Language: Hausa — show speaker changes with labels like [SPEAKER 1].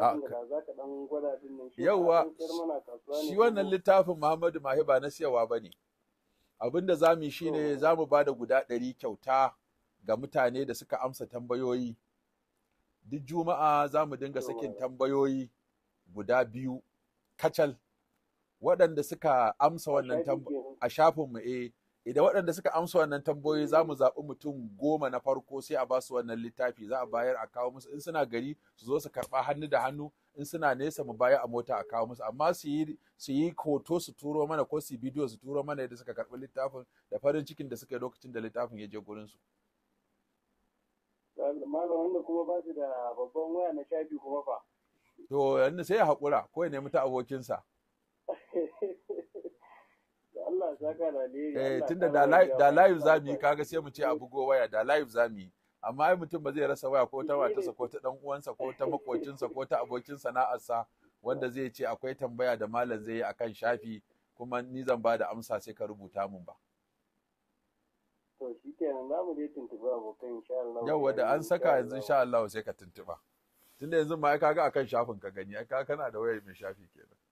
[SPEAKER 1] Ah, yauwa littafin
[SPEAKER 2] shi wannan
[SPEAKER 3] littafin Muhammadu Mahi ba na siyawa bane abinda zamu yi shine zamu da guda ɗari kyauta ga mutane da suka amsa tambayoyi duk juma'a za mu dinga sakin tambayoyi guda biyu kacal waɗanda suka amsa wannan tambayoyi a shafinmu eh idan waɗanda suka amsa wannan tambayoyi za mu zaɓi mutum goma na farko sai a ba su wannan littafi za a bayar a kawo musu in suna gari su zo su karɓa hannu da hannu in suna nesa mu baya a mota a kawo musu amma su yi koto hoto su turo mana ko su bidiyo su turo mana yadda suka karɓi littafin da farin cikin da suka yi lokacin da littafin ya je gurin su.
[SPEAKER 1] malam wanda kuma ba su da babban waya na shafi kuma fa.
[SPEAKER 3] to yanzu sai ya haƙura ko ya nemi ta abokinsa.
[SPEAKER 1] eh tunda da live da live
[SPEAKER 3] zamu yi kaga sai mu ce a go waya da live zamu yi amma ai mutum ba zai rasa waya ko ta sa ko ta dan uwansa ko ta makocinsa ko ta abokin sana'arsa wanda zai ce akwai tambaya da malam zai yi akan shafi kuma ni zan ba da amsa sai ka rubuta mun ba
[SPEAKER 2] to shi nan za mu je abokan insha Allah yawa da an saka yanzu insha
[SPEAKER 3] Allah sai ka tuntuɓa tunda yanzu ma kaga akan shafin ka gani ka kana da wayar mai shafi kenan